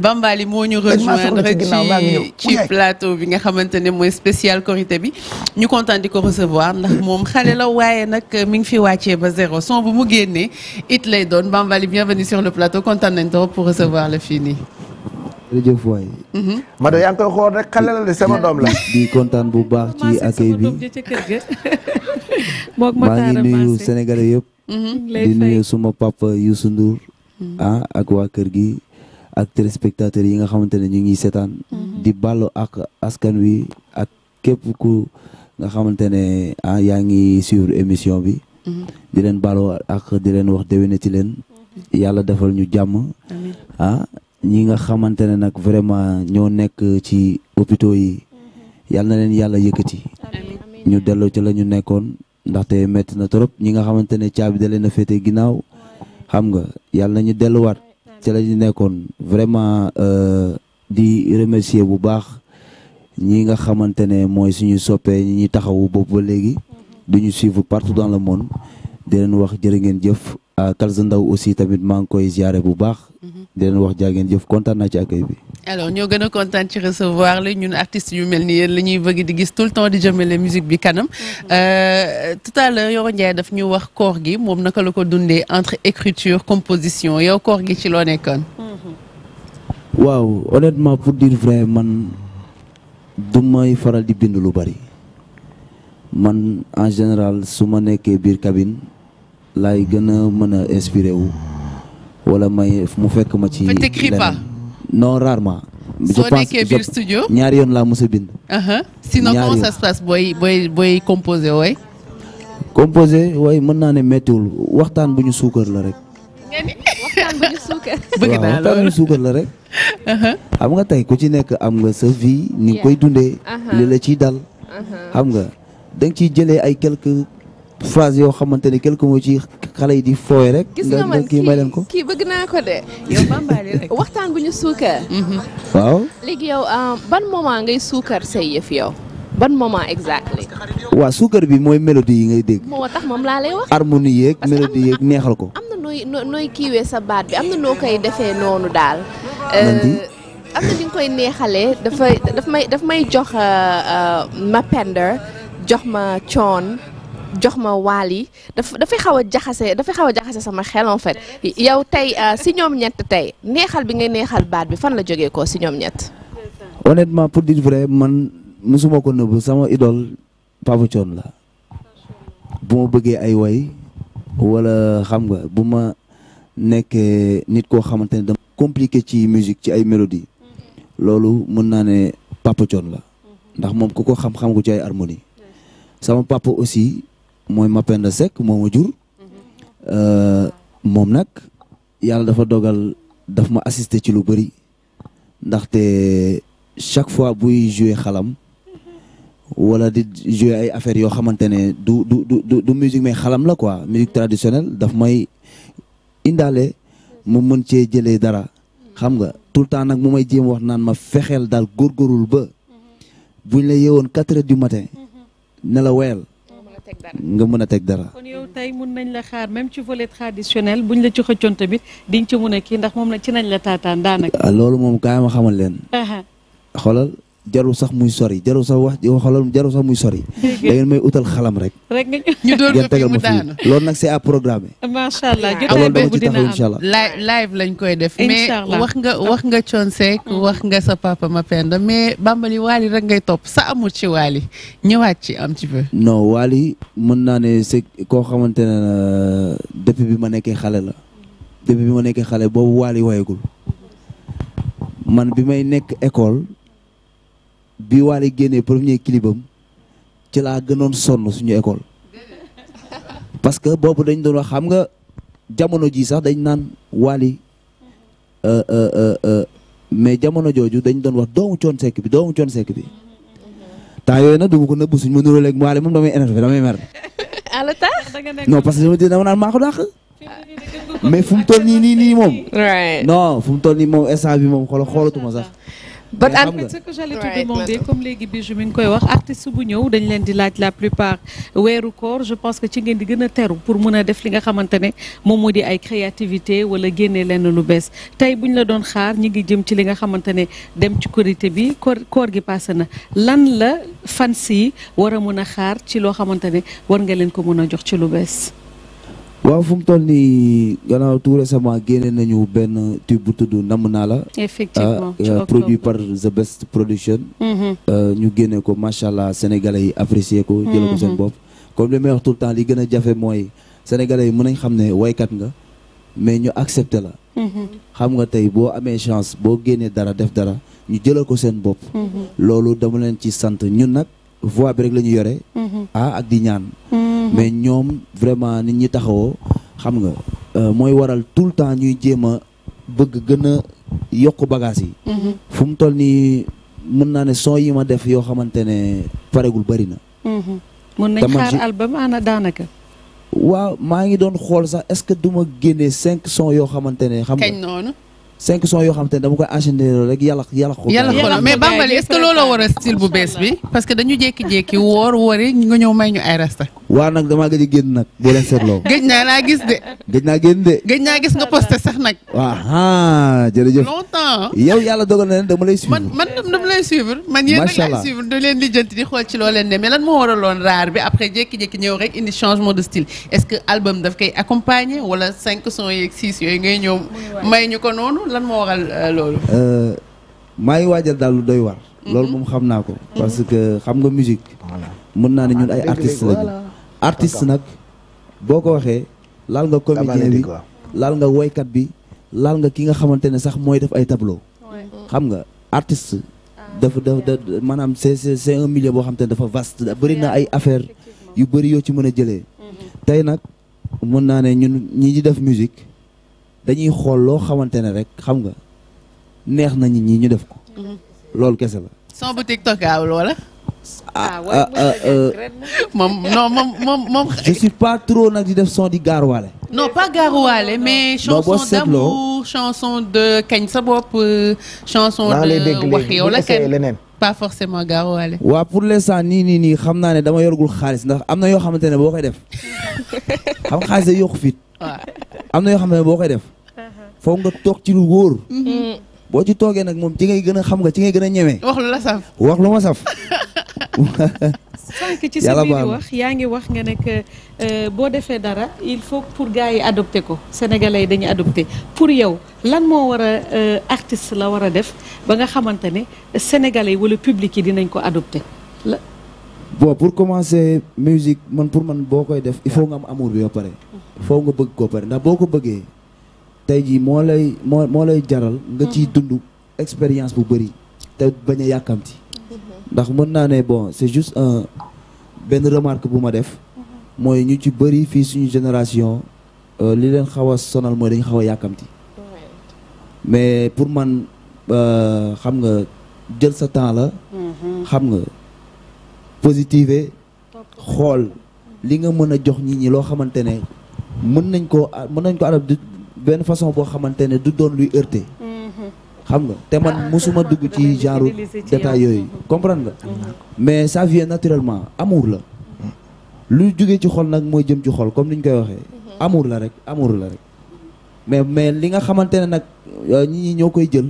Bambaly moo ñu rejoindre ci ci plateau bi nga xamante ne mooy spécial Korité bi ñu kontaan di ko recevoir ndax moom xale la waaye nag euh, mi ngi fi wàccee ba zéro son bu mu génnee it lay doon Bambaly bienvenue sur le plateau kontaan nañ trop pour recevoir la fii nii. jërëjëf waay. Mhm. Mado yaa ngi koy xool rek xale la de sama la. di kontaan bu baax ci accueil bi maa ngi nuyu Sénégalais yëpp. Mhm. di nuyu suma papa Youssou Ndour. Mhm. ah ak waa kër gi. ak téléspectateurs yi nga xamante ne ñu ngi seetaan. Mhm. di balloo ak askan wi ak képp ku nga xamante ne ah yaa ngi suivre émission bi. Mhm. di leen ballu ak di leen wax déwénati leen. Mhm. yàlla defal ñu jàmm. ah ñi nga xamante ne nag vraiment ñoo nekk ci hôpitaux yi. yàlla na leen yàlla yëkkati. ñu delloo ci la ñu nekkoon ndaxte métti na trop ñi nga xamante ne caabi da leen a féete ginnaaw xam nga yàlla na ñu delluwaat. ci la ñu nekkoon vraiment euh, di remercier bu baax ñi nga xamante ne mooy suñu soppee ñi ñuy taxawu boobu ba léegi mm-hmm. duñu ñu suivre partout dans le monde di wax jër ngeen jëf Kalza Ndaw aussi tamit maa ngi koy ziare bu baax mm-hmm. di wax jaa ngeen jëf kontaan naa ci accueil bi alors ñoo gën a kontaan ci recevoir la ñun artistes yu mel ni yéen la ñuy bëgg di gis tout le temps di jëmale musique bi kanam. Mm-hmm. Euh, tout à l'heure Yoro Ndiaye daf ñu wax koor gi moom naka la ko dundee entre écriture composition yow koor gi ci loo nekkoon. Mm-hmm. waaw honnêtement pour dire vrai man du may faral di bind lu bari man en général su ma nekkee biir cabine laay gën a mën a inspiré wu wala may mu fekk ma ci. leneen non rarement. soo ñaari yoon laa mos bind. sinon comment ça se booy booy booy composé wooy. composé mën naa ne méttiwul waxtaan bu ñu suukar la rek. waxtaan waxtaan bu ñu suukar la rek. xam nga tey ku ci nekk am nga sa vie ni nga koy dundee. li la ciy dal. xam nga da nga ciy jëlee ay quelques phrases yoo xamante ne quelques mots ci xale yi di fooy rek. gis nga man kii may leen ko kii bëgg naa ko de. yow bambali waxtaan bu ñu suukar. waaw. léegi yow euh, ban moment ngay suukar say yëf yow. ban moment exactly. waaw suukar bi mooy mélodie yi ngay dégg. moo tax moom laa lay wax. harmonie yeeg mélodie yeeg neexal ko. am na nooy kiiwee sa baat bi am na noo koy defee noonu daal. Euh, am na ni nga koy neexalee dafay may daf may jox euh, ma pender jox ma coon. jox ma waal yi daf dafay xaw a jaxase dafay xaw a jaxase sama xel en yow tey euh, si ñoom ñett tey neexal bi nga neexal baat bi fan la jógee ko si ñoom ñett. honnêtement pour dire vrai man mosuma ko nëbb sama idole Papa Thione la bu bëggee ay way wala xam nga bu ma nekkee nit koo xamante ne dama compliqué ci musique ci ay mélodie loolu mën naa ne Papa Thione la ndax moom ku ko xam-xam ko ci ay harmonie sama papa aussi mooy Mapenda Seck moo ma jur moom nag yàlla dafa dogal daf ma assisté ci lu bëri ndaxte chaque fois buy joué xalam wala di joué ay affaires yoo xamante ne du du du du musique mais xalam la quoi musique traditionnelle dafa may indaale mu mën cee jëlee dara xam nga tout le temps nag mu may jéem wax naan ma fexeel daal góorgóorul ba buñ la yeewoon quatre heures du matin ne la wéyal teg dara nga mën a teg dara. kon yow tey mun nañ la xaar même ci volet traditionnel buñ la ci xëccoon tamit di nga mun a kii ndax moom la ci nañ la taataan daanaka. Ah, loolu moom kaay ma xamal leen. xoolal. jarul sax muy sori jarul sax wax xoolal jarul sax muy sori. da ngeen may utal xalam rek. rek ñu doon ko fi mu daanu loolu nag c'est a programmer. macha allah jotaay boobu dina am live lañ koy def. mais wax nga wax nga Thione Seck mm. wax nga sa papa mais Bambali Wally rek ngay topp sa amul ci Wally ñëwaat ci am ci peu. non Wally mën naa ne c'est koo xamante ne euh, depuis bi ma nekkee xale la. depuis bi ma nekkee xale boobu Wally wayagul man bi may nekk école. bi Wally génnee premier clip ci laa gënoon son suñu école parce que boobu dañ doon wax xam nga jamono ji sax dañ naan Wally euh, euh, euh, mais jamono jooju dañ doon wax doomu coon sekk bi doomu coon sekk bi temps yooyu nag du ma ko nëbb suñ ma nuroo léegi Wally moom damay énervé damay mer ala ah, parce que dama dama naan maa ko mais fu mu toll nii nii moom non fu mu toll nii moom instant bi moom xolo xoolatuma sax but en fait ce que j'allais te comme léegi bi ju mi ngi koy wax artiste bu ñëw dañ leen di laaj la plupart weeru koor je pense que ci ngeen di gën a teru pour mën a def li nga xamante ne moom moo di ay créativité wala génne lenn lu bees tey buñ la doon xaar ñi ngi jëm ci li nga xamante ne dem ci korité bi koor koor gi passé na lan la fan si war a mën a xaar ci loo xamante ne war nga leen ko mën a jox ci lu bees waaw fu mu toll nii gannaaw tout récemment génne nañu benn tube bu tudd namm naa la. effectivement ah, euh, produit par The Best Production. Mhm. Euh, ñu génne ko macha allah sénégalais yi apprécier ko. jël ko seen mhm. bopp comme li may wax temps li gën a jafe mooy sénégalais yi mën nañ xam ne waykat nga mais ñu accepter la. Mhm. xam nga tey boo amee chance boo génnee dara def dara ñu jëlal ko seen bopp. loolu dama leen ci sant ñun nag. voix bi rek la ñu yore. ah ak di ñaan. Mhm. mais ñoom vraiment nit ñi taxawoo xam nga euh, mooy waral tout le temps ñuy jéem a bëgg gën yokk bagage yi. Mhm. fu toll nii mën naa ne son yi ma def yoo xamante ne paregul bari na. mën nañ xaar album ana daanaka. waaw maa ngi doon xool sax est-ce que du ma génnee cinq son yoo xamante ne. xam nga kañ noonu. cinq sons yoo xam te ne dama koy enchaîner rek yàlla yàlla xool. yàlla xool mais Bambaly est-ce que looloo war style bu bees bi. parce que dañu jékki-jékki woor woori nga ñëw may ñu ay rasta. waaw nag damaa nag boo leen seetloo. naa gis de. gëj naa génn de. gëj naa gis nga sax nag. waaw jërëjëf. longtemps yow yàlla dogal na leen dama lay suivre. man man dama lay suivre. man yéen nag laay suivre loo leen demee lan moo waraloon raar bi après jékki-jékki ñëw rek indi changement de style est sons yeeg six yooyu ngay ñëw may ñu ko noonu lan moo waral euh, euh, maa ngi waajal daal lu doy war. Mhm. loolu moom xam naa ko. Mhm. parce que xam nga musique. mën naa ne ñun ay ah, artistes lañu. artiste nag boo ko waxee laal nga comédien bi laal nga woykat bi laal nga ki nga xamante ne sax mooy def ay tableau. xam nga artiste. Ah. dafa dafa maanaam c'est c'est un milieu boo xam te ne dafa vaste bëri na ay affaire yu bëri yoo ci mën a jëlee. Mhm. tey nag mën naa ne ñun ñi di def musique. dañuy xool loo xamante ne rek xam nga neex na nit ñi ñu def ko. Mhm. loolu kese la. son bu TikTok aawul wala. ah, ah, ah euh, euh, moom non moom je suis pas trop nag di def son di gaaruwaale. non pas gaaruwaale mais. chanson de kañ sa bopp. Euh, chanson de wax yow la kenn pas forcément gaaw waale. waaw pour l'instant nii nii nii xam naa ne dama yorgul xaalis ndax am na yoo xamante ne boo koy def xam xaalis day yokku fit. am na yoo xamante ne boo koy def. Uh-huh. foog nga toog ci lu wóor. Mm-hmm. boo ci toogee nag moom ci ngay gën a xam nga ci ngay gën a ñeme. wax la saf wax lu ma saf. sànq ci sa biir wax yaa ngi wax nga nekk euh, boo defee dara il faut pour gars yi adopté ko sénégalais yi dañuy adopté pour yow lan moo war a euh, artiste la war a def ba nga xamante ne yi wala public yi dinañ ko adopté la. bon pour commencer musique man pour man boo koy def il faut nga am amour bi ba pare. il faut nga bëgg koo pare ndax boo ko bëggee tey jii moo lay moo moo lay jaral. nga ciy mm. dund expérience bu bëri te bañ a yàkkamti. ndax mën naa ne bon c'est juste un benn remarque bu ma def mm-hmm. mooy ñu ci bëri fii suñu génération euh, li leen xaw a sonal mooy dañu xaw a yàkkamti mais pour man euh, xam nga jël sa temps la mm-hmm. xam nga positiver xool mm-hmm. li nga mën a jox nit ñi loo xamante ne mën nañ koo mën nañ ko arab benn façon boo xamante ne du doon luy heurter xam nga te man musuma dugg ci genre détail yooyu comprendre nga mais ça vient naturellement amour la lu jógee ci xol nag mooy jëm ci xol comme ni ñu koy waxee amour la rek amour la rek mais mais li nga xamante ne nag ñi euh, ñi ñoo koy jël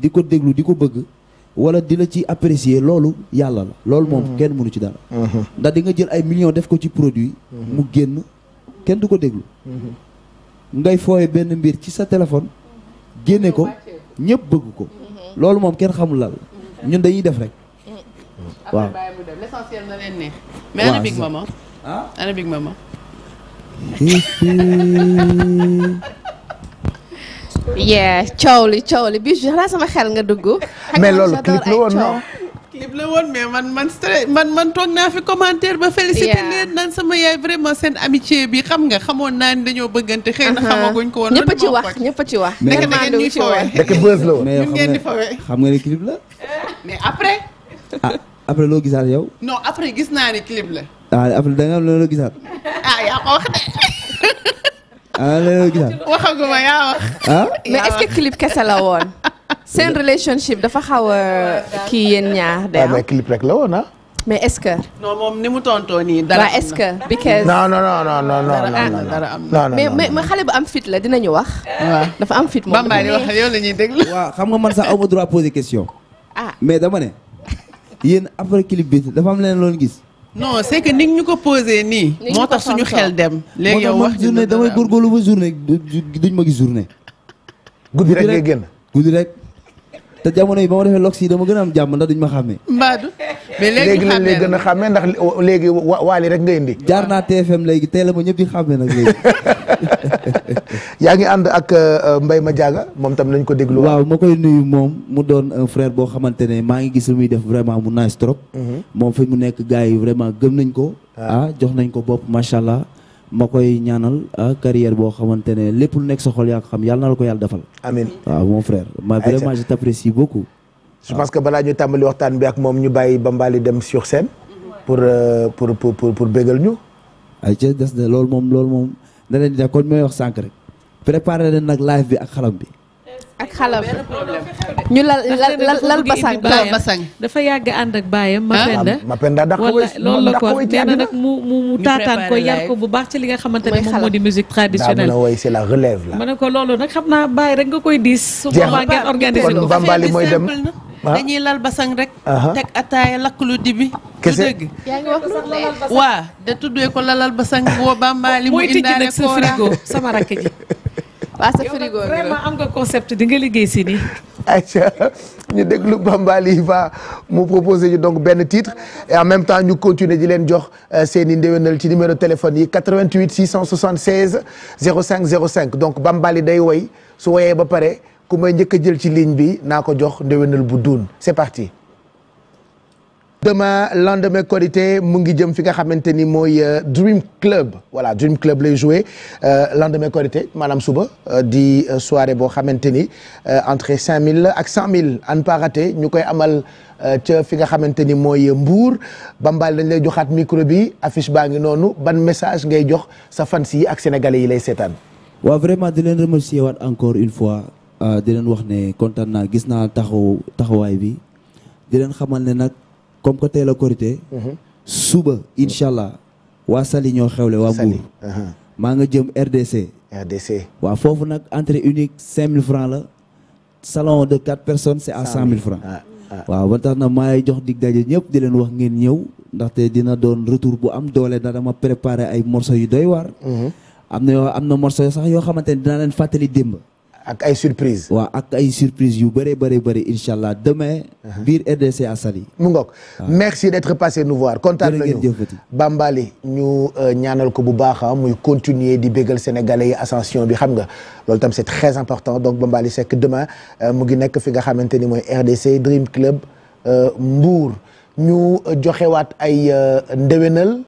di ko déglu di ko bëgg wala di la ci apprécier loolu yàlla la loolu moom mm-hmm. kenn mënu ci dara mm-hmm. ndax di nga jël ay millions def ko ci produit mm-hmm. mu génn kenn du ko déglu ngay fooye benn mbir ci sa téléphone génne ko ñépp bëgg ko loolu moom kenn xamul lal ñun dañuy def rek waaw l'essentiel na leen neex mais ana ah? big mama coow li coow li bi xanaa sama xel nga dugg mais loolu clip la woon non clip la woon mais man man man man toog naa fi commentaire ba félicité leen naan sama yaay vraiment seen amitié bi xam nga xamoon naa ne dañoo bëggante xëy na uh-huh. xamaguñ ko woon ñëpp ci wax wax nekk da ngeen ñuy fowee nekk buzz la woon mais ngeen di fowee xam nga ne clip la mais après ah, après loo gisaat yow non après gis naa ne clip la ah da nga loo gisaat ah, yaa ko wax de Ah, waxaguma yaa wax. Ah? mais est clip kese la woon. seen relationship dafa xaw a kii yéen ñaar de ah, mais clip la woon ah. mais est-ce que. moom ni mu tontoo nii. dara am na est-ce que. mais xale bu am fit la dinañu wax. dafa am fit moom. Bambaye di wax yow la xam nga man sax aw ma droit poser question. mais dama ne. yéen après clip bi dafa am leen loon gis. non c'est que ni ñu ko posé nii. moo tax suñu xel dem. léegi yow wax journée damay góorgóorlu ba journée duñ ma gi journée. guddi rek ngay génn guddi rek. te jamono yi ba ma defee lox yi dama gën a am jàmm ndax duñ ma xàmmee. mbaadu mais léegi xàmmee léegi gën a xàmmee ndax léegi waali rek nga indi. jaar naa tee TFM léegi teel a ma ñëpp di xàmmee nag léegi. yaa ngi ànd ak euh, Mbaye Madiaga moom tam nañ ko déglu. waaw ma koy nuyu moom mu doon un boo xamante ne maa ngi gis lu muy def vraiment mu nice trop. Mhm. moom fi mu nekk gars yi vraiment gëm nañ ko. ah, ah jox nañ ko bopp macha allah. ma koy ñaanal ah carrière boo xamante ne lépp lu nekk sa xol yaa ko xam yàlla na ko yàlla defal. amiin waaw mon frère. ma vraiment je t'apprécie beaucoup. je pense que balaa ñu tàmbali waxtaan bi ak moom ñu bàyyi Bambaly dem sur scène. pour euh, pour pour pour pour bégal ñu. ay ca des na lool moom loolu moom da leen di def kon may wax sànq rek. préparer leen nag live bi ak xalam bi. ak xalab ñu lal lal lal basang dafa yàgg ànd ak baayam Mapenda ah? Mapenda dàq loolu la ko nee na nag mu mu mu taataan ko yar ko bu baax ci li nga xamante ne moom di musique traditionnelle mën a woy ma ne ko loolu nag xam naa bàyyi rek nga koy diis su boobaa ngeen organiser ko Bambali mooy dem ah. dañuy lal basang rek teg ataaya lakk lu dibi kese ko lalal basang boo Bambali sama rakk ji waa sa frigo vraiment am nga concept di nga liggéey si nii. ñu déglu Bambaly va mu proposer ñu donc benn titre et en même temps ñu continuer di leen jox euh, seen i ndéwénal ci numéro téléphone yi 88 676 05 05 donc Bambaly day woy su woyee ba pare ku may njëkk a jël ci ligne bi naa ko jox ndéwénal bu duun c'est parti. demain lendemain Korité mu ngi jëm fi nga xamante ni mooy euh, Dream Club voilà Dream Club lay jouer euh, lendemain Korité maanaam suba euh, di soirée boo xamante ni entre cinq mille ak cent mille en ne ñu koy amal ca fi nga xamante ni mooy Mbour Bambal dañ lay joxaat micro bi affiche baa ngi noonu ban message ngay jox sa fans yi ak sénégalais yi lay seetaan. waa vraiment di leen remercier waat encore une fois di leen wax ne kontaan naa gis naa taxaw taxawaay bi di leen xamal nag. comme que tey la korité mhm. suba incha allah waa Saly ñoo xewle waa Mbour maa nga jëm RDC. RDC waaw foofu nag entrée unique cinq mille francs la salon de quatre personnes c'est à cent mille francs ah, ah. waaw ba tax na maay jox dig daje ñëpp di leen wax ngeen ñëw ndaxte dina doon retour bu am doole ndax dama préparé ay morceaux yu doy waar mhm. am na yoo am na morceaux leen fàttali démb ak ay surprise waaw ay surprise yu bëree bëri bëri incha allah demain uh-huh. biir RDC à Saly mu ngoog ah. merci d'être passé nous voir kontaan nañu Bambali ñu euh, ñaanal ko bu baax ah, muy continuer di bégal sénégalais yi ascension bi xam nga loolu tam c'est très important donc Bambali Seck demain euh, mu ngi nekk fi nga xamante ni mooy RDC Dream Club euh, Mbour ñu joxewaat ay ndéwénal